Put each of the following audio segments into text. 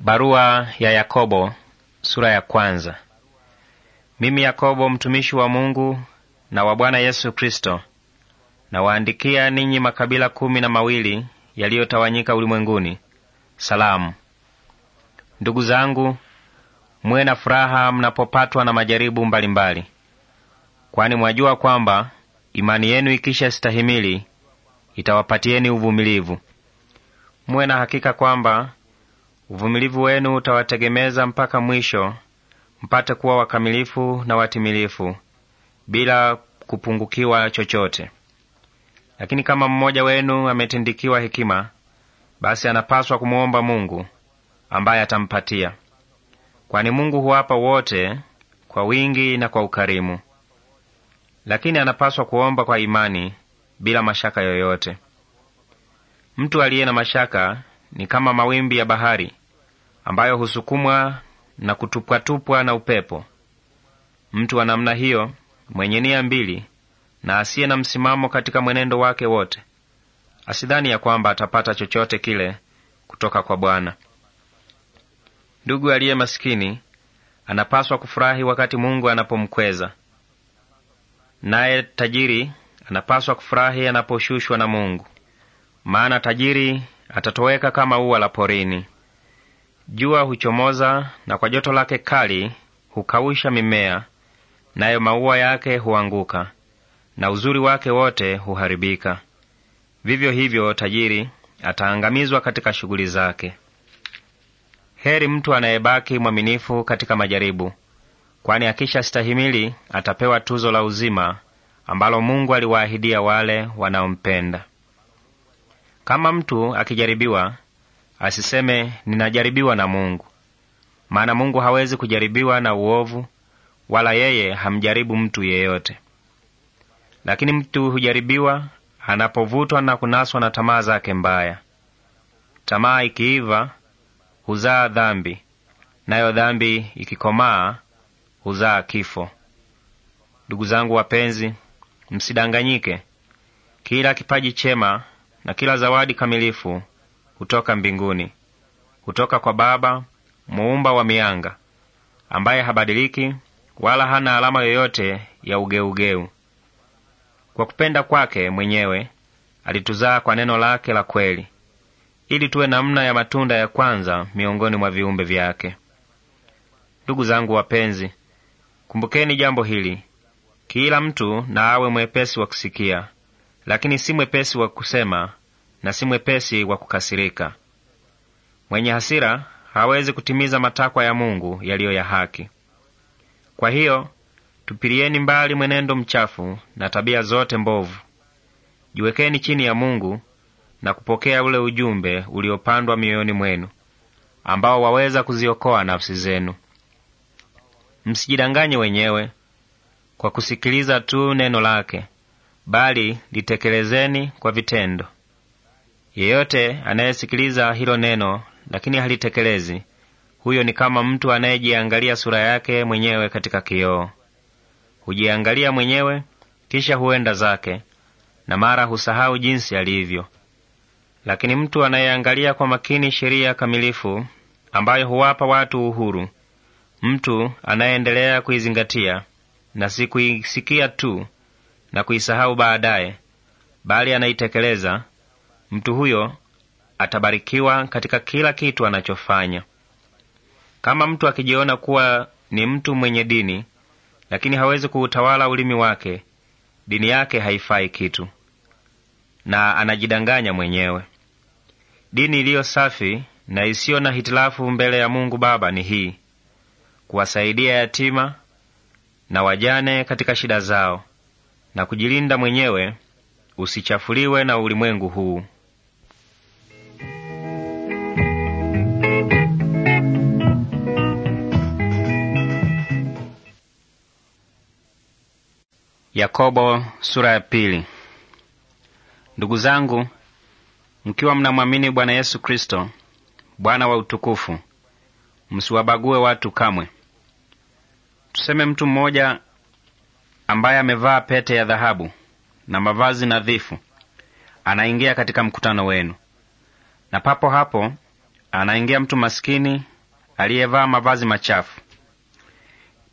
Barua ya Yakobo sura ya kwanza. Mimi Yakobo mtumishi wa Mungu na wa Bwana Yesu Kristo, nawaandikia ninyi makabila kumi na mawili yaliyotawanyika ulimwenguni, salamu. Ndugu zangu, muwe na furaha mnapopatwa na majaribu mbalimbali, kwani mwajua kwamba imani yenu ikisha stahimili itawapatieni uvumilivu. Muwe na hakika kwamba Uvumilivu wenu utawategemeza mpaka mwisho, mpate kuwa wakamilifu na watimilifu bila kupungukiwa chochote. Lakini kama mmoja wenu ametindikiwa hekima, basi anapaswa kumwomba Mungu ambaye atampatia, kwani Mungu huwapa wote kwa wingi na kwa ukarimu. Lakini anapaswa kuomba kwa imani bila mashaka yoyote. Mtu aliye na mashaka ni kama mawimbi ya bahari ambayo husukumwa na kutupwatupwa na upepo. Mtu wa namna hiyo, mwenye nia mbili na asiye na msimamo katika mwenendo wake wote, asidhani ya kwamba atapata chochote kile kutoka kwa Bwana. Ndugu aliye masikini anapaswa kufurahi wakati Mungu anapomkweza, naye tajiri anapaswa kufurahi anaposhushwa na Mungu, maana tajiri atatoweka kama ua la porini. Jua huchomoza na kwa joto lake kali hukausha mimea, nayo maua yake huanguka na uzuri wake wote huharibika. Vivyo hivyo tajiri ataangamizwa katika shughuli zake. Heri mtu anayebaki mwaminifu katika majaribu, kwani akisha stahimili atapewa tuzo la uzima ambalo Mungu aliwaahidia wale wanaompenda. Kama mtu akijaribiwa asiseme ninajaribiwa na Mungu, maana Mungu hawezi kujaribiwa na uovu, wala yeye hamjaribu mtu yeyote. Lakini mtu hujaribiwa anapovutwa na kunaswa na tamaa zake mbaya. Tamaa ikiiva huzaa dhambi, nayo dhambi ikikomaa huzaa kifo. Ndugu zangu wapenzi, msidanganyike. Kila kipaji chema na kila zawadi kamilifu kutoka mbinguni, kutoka kwa Baba muumba wa mianga, ambaye habadiliki wala hana alama yoyote ya ugeugeu. Kwa kupenda kwake mwenyewe alituzaa kwa neno lake la kweli, ili tuwe namna ya matunda ya kwanza miongoni mwa viumbe vyake. Ndugu zangu wapenzi, kumbukeni jambo hili: kila mtu na awe mwepesi wa kusikia, lakini si mwepesi wa kusema, na si mwepesi wa kukasirika. Mwenye hasira hawezi kutimiza matakwa ya Mungu yaliyo ya haki. Kwa hiyo tupilieni mbali mwenendo mchafu na tabia zote mbovu. Jiwekeni chini ya Mungu na kupokea ule ujumbe uliopandwa mioyoni mwenu, ambao waweza kuziokoa nafsi zenu. Msijidanganye wenyewe kwa kusikiliza tu neno lake, bali litekelezeni kwa vitendo. Yeyote anayesikiliza hilo neno lakini halitekelezi, huyo ni kama mtu anayejiangalia sura yake mwenyewe katika kioo. Hujiangalia mwenyewe kisha huenda zake, na mara husahau jinsi alivyo. Lakini mtu anayeangalia kwa makini sheria kamilifu ambayo huwapa watu uhuru, mtu anayeendelea kuizingatia na si kuisikia tu na kuisahau baadaye, bali anaitekeleza mtu huyo atabarikiwa katika kila kitu anachofanya. Kama mtu akijiona kuwa ni mtu mwenye dini lakini hawezi kuutawala ulimi wake, dini yake haifai kitu na anajidanganya mwenyewe. Dini iliyo safi na isiyo na hitilafu mbele ya Mungu Baba ni hii: kuwasaidia yatima na wajane katika shida zao na kujilinda mwenyewe usichafuliwe na ulimwengu huu. Yakobo sura ya pili. Ndugu zangu, mkiwa mnamwamini Bwana Yesu Kristo, Bwana wa utukufu, msiwabague watu kamwe. Tuseme mtu mmoja ambaye amevaa pete ya dhahabu na mavazi nadhifu anaingia katika mkutano wenu, na papo hapo anaingia mtu maskini aliyevaa mavazi machafu.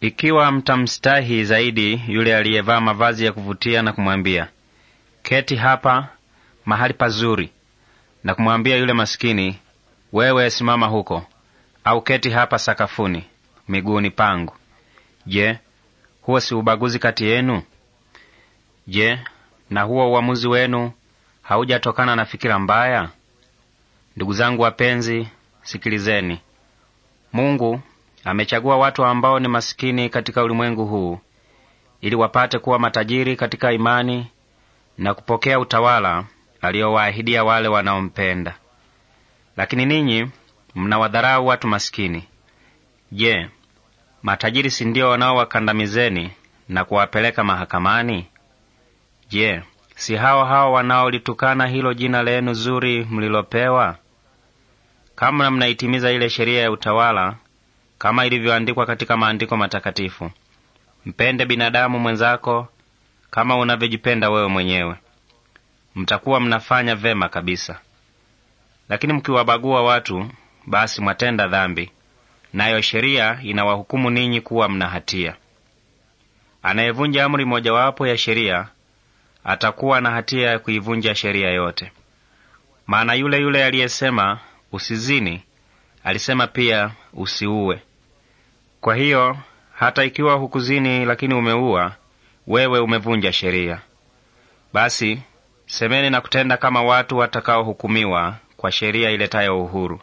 Ikiwa mtamstahi zaidi yule aliyevaa mavazi ya kuvutia na kumwambia, keti hapa mahali pazuri, na kumwambia yule masikini wewe simama huko, au keti hapa sakafuni miguuni pangu, je, huo si ubaguzi kati yenu? Je, na huo uamuzi wenu haujatokana na fikira mbaya? Ndugu zangu wapenzi, sikilizeni. Mungu Amechagua watu ambao ni masikini katika ulimwengu huu ili wapate kuwa matajiri katika imani na kupokea utawala aliyowaahidia wale wanaompenda. Lakini ninyi mnawadharau watu masikini. Je, matajiri si ndio wanaowakandamizeni na kuwapeleka mahakamani? Je, si hao hao wanaolitukana hilo jina lenu zuri mlilopewa? Kama mnaitimiza ile sheria ya utawala kama ilivyoandikwa katika maandiko matakatifu, mpende binadamu mwenzako kama unavyojipenda wewe mwenyewe, mtakuwa mnafanya vema kabisa. Lakini mkiwabagua watu, basi mwatenda dhambi, nayo sheria inawahukumu ninyi kuwa mna hatia. Anayevunja amri mojawapo ya sheria atakuwa na hatia ya kuivunja sheria yote. Maana yule yule aliyesema usizini alisema pia usiue. Kwa hiyo hata ikiwa hukuzini, lakini umeua, wewe umevunja sheria. Basi semeni na kutenda kama watu watakaohukumiwa kwa sheria iletayo uhuru,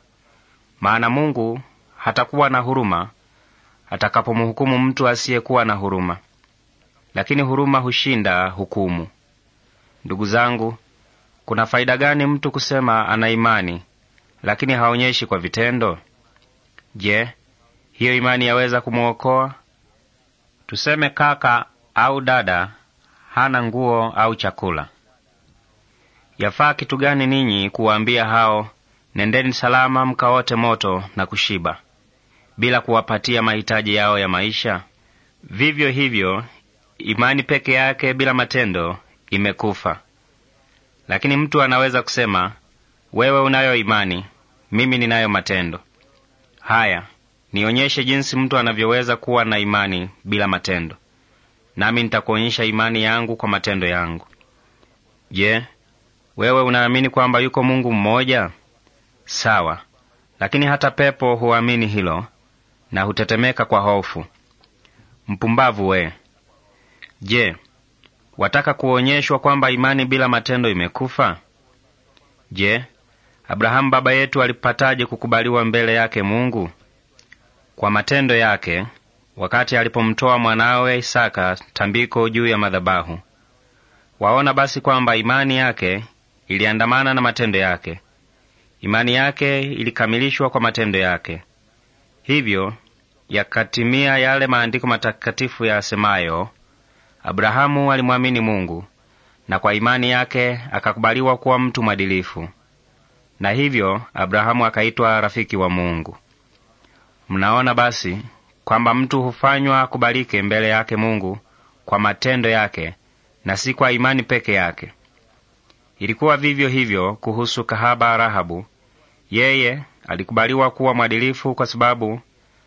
maana Mungu hatakuwa na huruma atakapomhukumu mtu asiyekuwa na huruma, lakini huruma hushinda hukumu. Ndugu zangu, kuna faida gani mtu kusema ana imani lakini haonyeshi kwa vitendo? Je, hiyo imani yaweza kumwokoa. Tuseme kaka au dada hana nguo au chakula, yafaa kitu gani ninyi kuwaambia hao, nendeni salama mkaote moto na kushiba, bila kuwapatia mahitaji yao ya maisha? Vivyo hivyo imani peke yake bila matendo imekufa. Lakini mtu anaweza kusema, wewe unayo imani, mimi ninayo matendo. Haya, Nionyeshe jinsi mtu anavyoweza kuwa na imani bila matendo, nami nitakuonyesha imani yangu kwa matendo yangu. Je, wewe unaamini kwamba yuko Mungu mmoja? Sawa, lakini hata pepo huamini hilo na hutetemeka kwa hofu. Mpumbavu we! Je, wataka kuonyeshwa kwamba imani bila matendo imekufa? Je, Abrahamu baba yetu alipataje kukubaliwa mbele yake Mungu? kwa matendo yake wakati alipomtoa mwanawe Isaka tambiko juu ya madhabahu. Waona basi kwamba imani yake iliandamana na matendo yake. Imani yake ilikamilishwa kwa matendo yake. Hivyo yakatimia yale maandiko matakatifu yasemayo, Abrahamu alimwamini Mungu na kwa imani yake akakubaliwa kuwa mtu mwadilifu, na hivyo Abrahamu akaitwa rafiki wa Mungu. Mnaona basi kwamba mtu hufanywa akubalike mbele yake Mungu kwa matendo yake na si kwa imani peke yake. Ilikuwa vivyo hivyo kuhusu kahaba Rahabu. Yeye alikubaliwa kuwa mwadilifu kwa sababu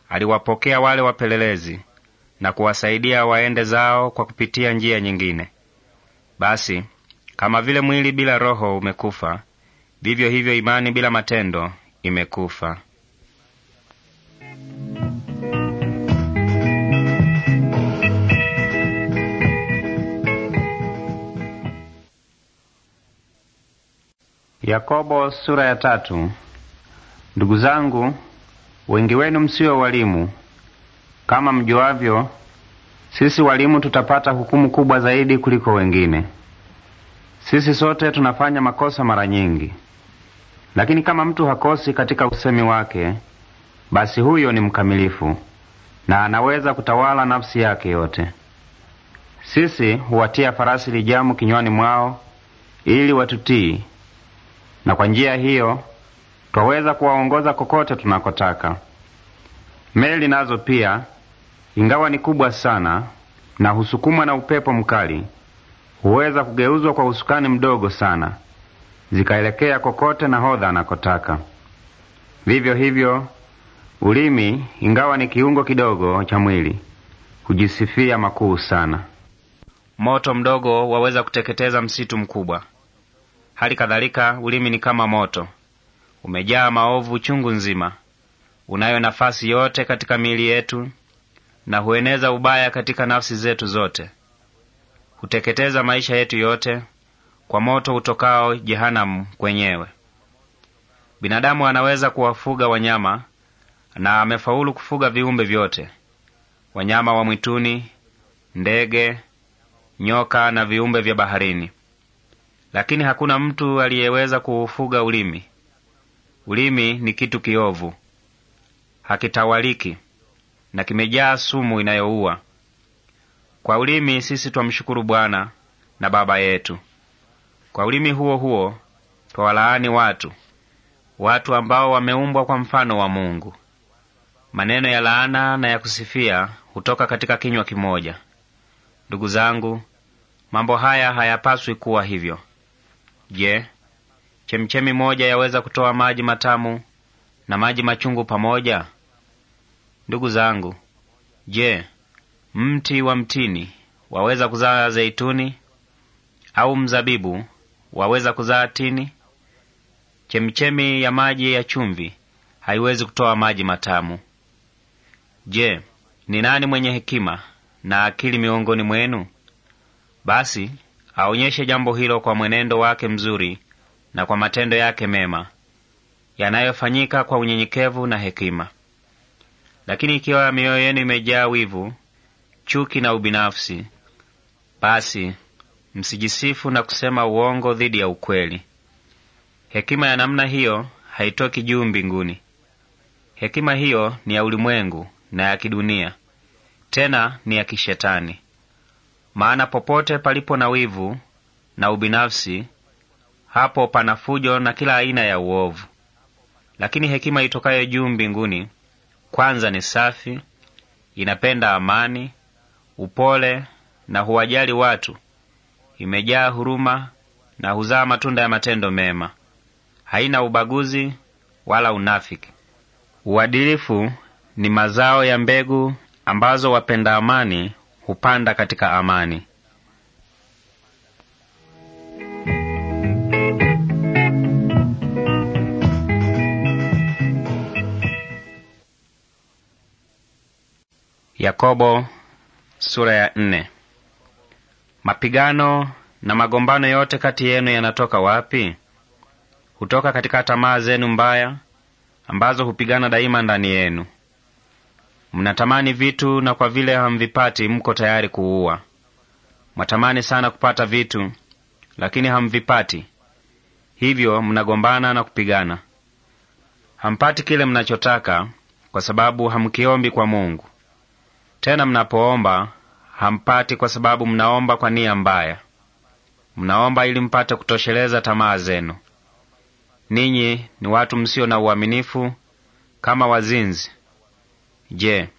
aliwapokea wale wapelelezi na kuwasaidia waende zao kwa kupitia njia nyingine. Basi kama vile mwili bila roho umekufa, vivyo hivyo imani bila matendo imekufa. Yakobo sura ya tatu. Ndugu zangu, wengi wenu msiwe walimu. Kama mjuavyo, sisi walimu tutapata hukumu kubwa zaidi kuliko wengine. Sisi sote tunafanya makosa mara nyingi, lakini kama mtu hakosi katika usemi wake, basi huyo ni mkamilifu na anaweza kutawala nafsi yake yote. Sisi huwatia farasi lijamu kinywani mwao ili watutii na kwa njia hiyo twaweza kuwaongoza kokote tunakotaka. Meli nazo pia, ingawa ni kubwa sana na husukumwa na upepo mkali, huweza kugeuzwa kwa usukani mdogo sana, zikaelekea kokote nahodha anakotaka. Vivyo hivyo, ulimi, ingawa ni kiungo kidogo cha mwili, hujisifia makuu sana. Moto mdogo waweza kuteketeza msitu mkubwa. Hali kadhalika ulimi ni kama moto, umejaa maovu chungu nzima. Unayo nafasi yote katika miili yetu na hueneza ubaya katika nafsi zetu zote, huteketeza maisha yetu yote kwa moto utokao jehanamu kwenyewe. Binadamu anaweza kuwafuga wanyama na amefaulu kufuga viumbe vyote, wanyama wa mwituni, ndege, nyoka na viumbe vya baharini lakini hakuna mtu aliyeweza kuufuga ulimi. Ulimi ni kitu kiovu, hakitawaliki na kimejaa sumu inayoua. Kwa ulimi sisi twamshukuru Bwana na Baba yetu, kwa ulimi huo huo twawalaani watu, watu ambao wameumbwa kwa mfano wa Mungu. Maneno ya laana na ya kusifia hutoka katika kinywa kimoja. Ndugu zangu, mambo haya hayapaswi kuwa hivyo. Je, chemchemi moja yaweza kutoa maji matamu na maji machungu pamoja? Ndugu zangu, je, mti wa mtini waweza kuzaa zeituni? Au mzabibu waweza kuzaa tini? Chemchemi ya maji ya chumvi haiwezi kutoa maji matamu. Je, ni nani mwenye hekima na akili miongoni mwenu? Basi aonyeshe jambo hilo kwa mwenendo wake mzuri na kwa matendo yake mema yanayofanyika kwa unyenyekevu na hekima. Lakini ikiwa mioyo yenu imejaa wivu, chuki na ubinafsi, basi msijisifu na kusema uongo dhidi ya ukweli. Hekima ya namna hiyo haitoki juu mbinguni. Hekima hiyo ni ya ulimwengu na ya kidunia, tena ni ya kishetani. Maana popote palipo na wivu na ubinafsi, hapo pana fujo na kila aina ya uovu. Lakini hekima itokayo juu mbinguni kwanza ni safi, inapenda amani, upole na huwajali watu, imejaa huruma na huzaa matunda ya matendo mema, haina ubaguzi wala unafiki. Uadilifu ni mazao ya mbegu ambazo wapenda amani hupanda katika amani. Yakobo sura ya nne. Mapigano na magombano yote kati yenu yanatoka wapi? Hutoka katika tamaa zenu mbaya ambazo hupigana daima ndani yenu. Mnatamani vitu na kwa vile hamvipati, mko tayari kuua. Mwatamani sana kupata vitu, lakini hamvipati, hivyo mnagombana na kupigana. Hampati kile mnachotaka kwa sababu hamkiombi kwa Mungu. Tena mnapoomba hampati kwa sababu mnaomba kwa nia mbaya. Mnaomba ili mpate kutosheleza tamaa zenu. Ninyi ni watu msio na uaminifu, kama wazinzi. Je,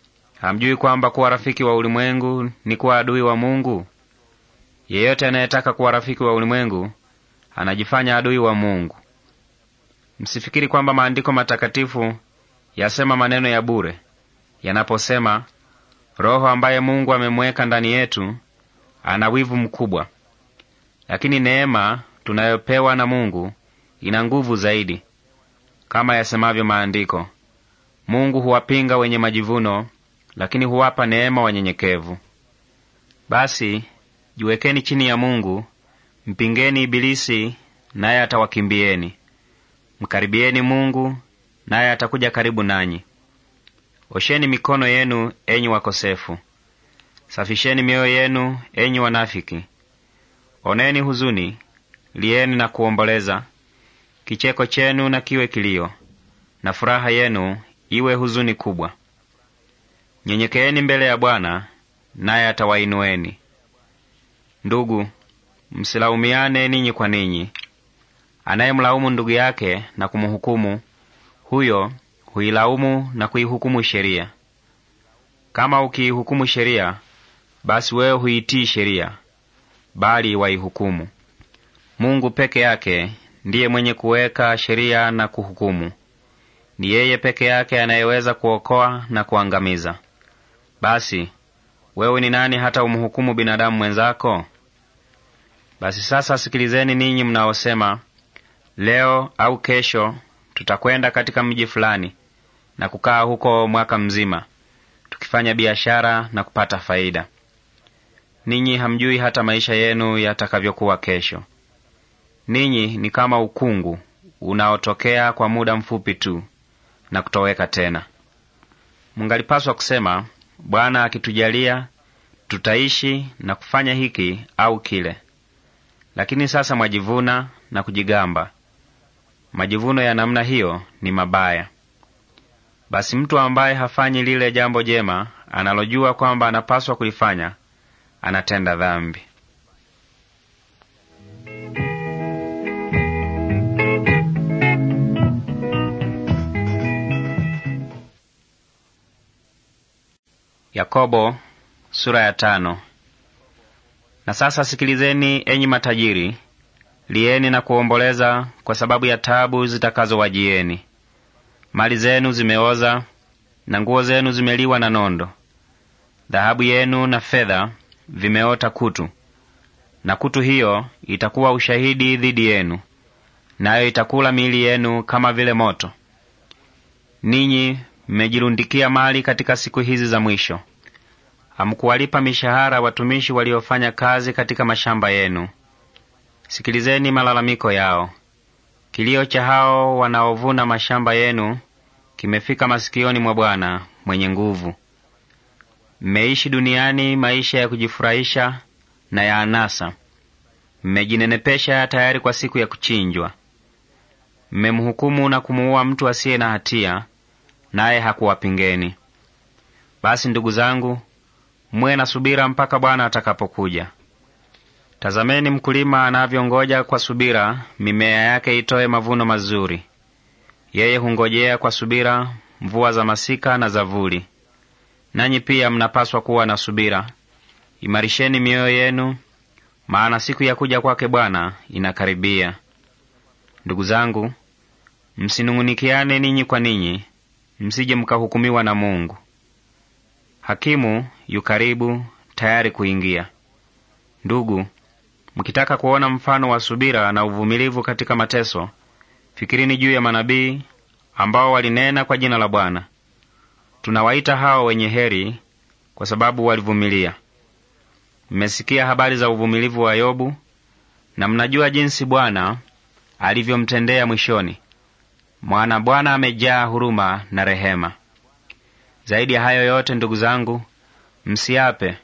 hamjui kwamba kuwa rafiki wa ulimwengu ni kuwa adui wa Mungu? Yeyote anayetaka kuwa rafiki wa ulimwengu anajifanya adui wa Mungu. Msifikiri kwamba maandiko matakatifu yasema maneno ya bure yanaposema, Roho ambaye Mungu amemweka ndani yetu ana wivu mkubwa. Lakini neema tunayopewa na Mungu ina nguvu zaidi, kama yasemavyo maandiko Mungu huwapinga wenye majivuno, lakini huwapa neema wanyenyekevu. Basi jiwekeni chini ya Mungu, mpingeni Ibilisi naye atawakimbieni. Mkaribieni Mungu naye atakuja karibu nanyi. Osheni mikono yenu, enyi wakosefu; safisheni mioyo yenu, enyi wanafiki. Oneni huzuni, lieni na kuomboleza; kicheko chenu na kiwe kilio, na furaha yenu iwe huzuni kubwa. Nyenyekeeni mbele ya Bwana, naye atawainueni. Ndugu, msilaumiane ninyi kwa ninyi. Anayemlaumu ndugu yake na kumhukumu, huyo huilaumu na kuihukumu sheria. Kama ukiihukumu sheria, basi wewe huitii sheria, bali waihukumu. Mungu peke yake ndiye mwenye kuweka sheria na kuhukumu. Ni yeye peke yake anayeweza kuokoa na kuangamiza. Basi wewe ni nani hata umhukumu binadamu mwenzako? Basi sasa sikilizeni ninyi mnaosema, leo au kesho tutakwenda katika mji fulani na kukaa huko mwaka mzima tukifanya biashara na kupata faida. Ninyi hamjui hata maisha yenu yatakavyokuwa kesho. Ninyi ni kama ukungu unaotokea kwa muda mfupi tu na kutoweka tena. Mungalipaswa kusema, Bwana akitujalia tutaishi na kufanya hiki au kile. Lakini sasa mwajivuna na kujigamba. Majivuno ya namna hiyo ni mabaya. Basi mtu ambaye hafanyi lile jambo jema analojua kwamba anapaswa kulifanya anatenda dhambi. Yakobo sura ya tano. Na sasa sikilizeni, enyi matajiri, lieni na kuomboleza kwa sababu ya taabu zitakazowajieni. Mali zenu zimeoza na nguo zenu zimeliwa na nondo. Dhahabu yenu na fedha vimeota kutu, na kutu hiyo itakuwa ushahidi dhidi yenu, nayo itakula miili yenu kama vile moto. Ninyi mmejirundikia mali katika siku hizi za mwisho. Hamkuwalipa mishahara watumishi waliofanya kazi katika mashamba yenu. Sikilizeni malalamiko yao. Kilio cha hao wanaovuna mashamba yenu kimefika masikioni mwa Bwana mwenye nguvu. Mmeishi duniani maisha ya kujifurahisha na ya anasa. Mmejinenepesha tayari kwa siku ya kuchinjwa. Mmemhukumu na kumuua mtu asiye na hatia naye hakuwapingeni. Basi ndugu zangu, mwe na subira mpaka Bwana atakapokuja. Tazameni mkulima anavyongoja kwa subira mimea yake itoe mavuno mazuri. Yeye hungojea kwa subira mvua za masika na za vuli. Nanyi pia mnapaswa kuwa na subira. Imarisheni mioyo yenu, maana siku ya kuja kwake Bwana inakaribia. Ndugu zangu, msinung'unikiane ninyi kwa ninyi, msije mkahukumiwa na Mungu. Hakimu yu karibu tayari kuingia. Ndugu, mkitaka kuona mfano wa subira na uvumilivu katika mateso, fikirini juu ya manabii ambao walinena kwa jina la Bwana. Tunawaita hao wenye heri kwa sababu walivumilia. Mmesikia habari za uvumilivu wa Yobu na mnajua jinsi Bwana alivyomtendea mwishoni. Mwana Bwana amejaa huruma na rehema. Zaidi ya hayo yote, ndugu zangu, msiape.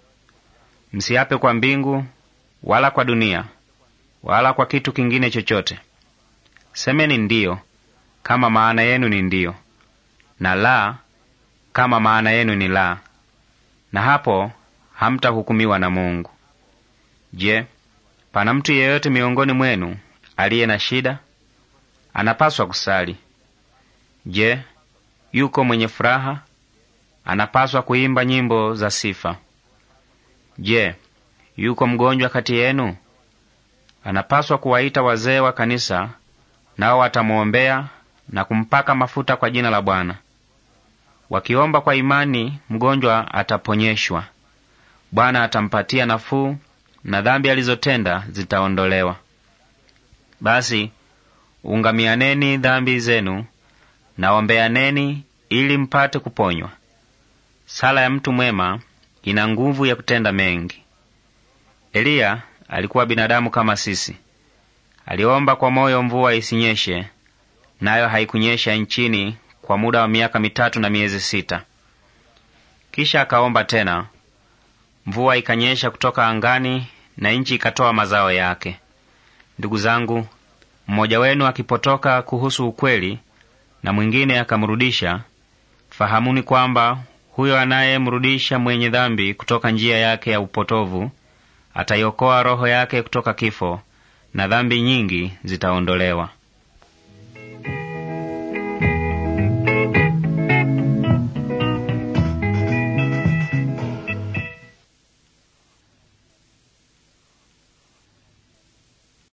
Msiape kwa mbingu wala kwa dunia wala kwa kitu kingine chochote. Semeni ndiyo kama maana yenu ni ndiyo, na la kama maana yenu ni la, na hapo hamtahukumiwa na Mungu. Je, pana mtu yeyote miongoni mwenu aliye na shida? Anapaswa kusali. Je, yuko mwenye furaha? Anapaswa kuimba nyimbo za sifa. Je, yuko mgonjwa kati yenu? Anapaswa kuwaita wazee wa kanisa, nao watamwombea na kumpaka mafuta kwa jina la Bwana. Wakiomba kwa imani, mgonjwa ataponyeshwa. Bwana atampatia nafuu na dhambi alizotenda zitaondolewa. Basi ungamianeni dhambi zenu naombeaneni ili mpate kuponywa. Sala ya mtu mwema ina nguvu ya kutenda mengi. Eliya alikuwa binadamu kama sisi. Aliomba kwa moyo mvua isinyeshe, nayo haikunyesha nchini kwa muda wa miaka mitatu na miezi sita. Kisha akaomba tena, mvua ikanyesha kutoka angani na nchi ikatoa mazao yake. Ndugu zangu, mmoja wenu akipotoka kuhusu ukweli na mwingine akamrudisha, fahamuni kwamba huyo anayemrudisha mwenye dhambi kutoka njia yake ya upotovu ataiokoa roho yake kutoka kifo, na dhambi nyingi zitaondolewa.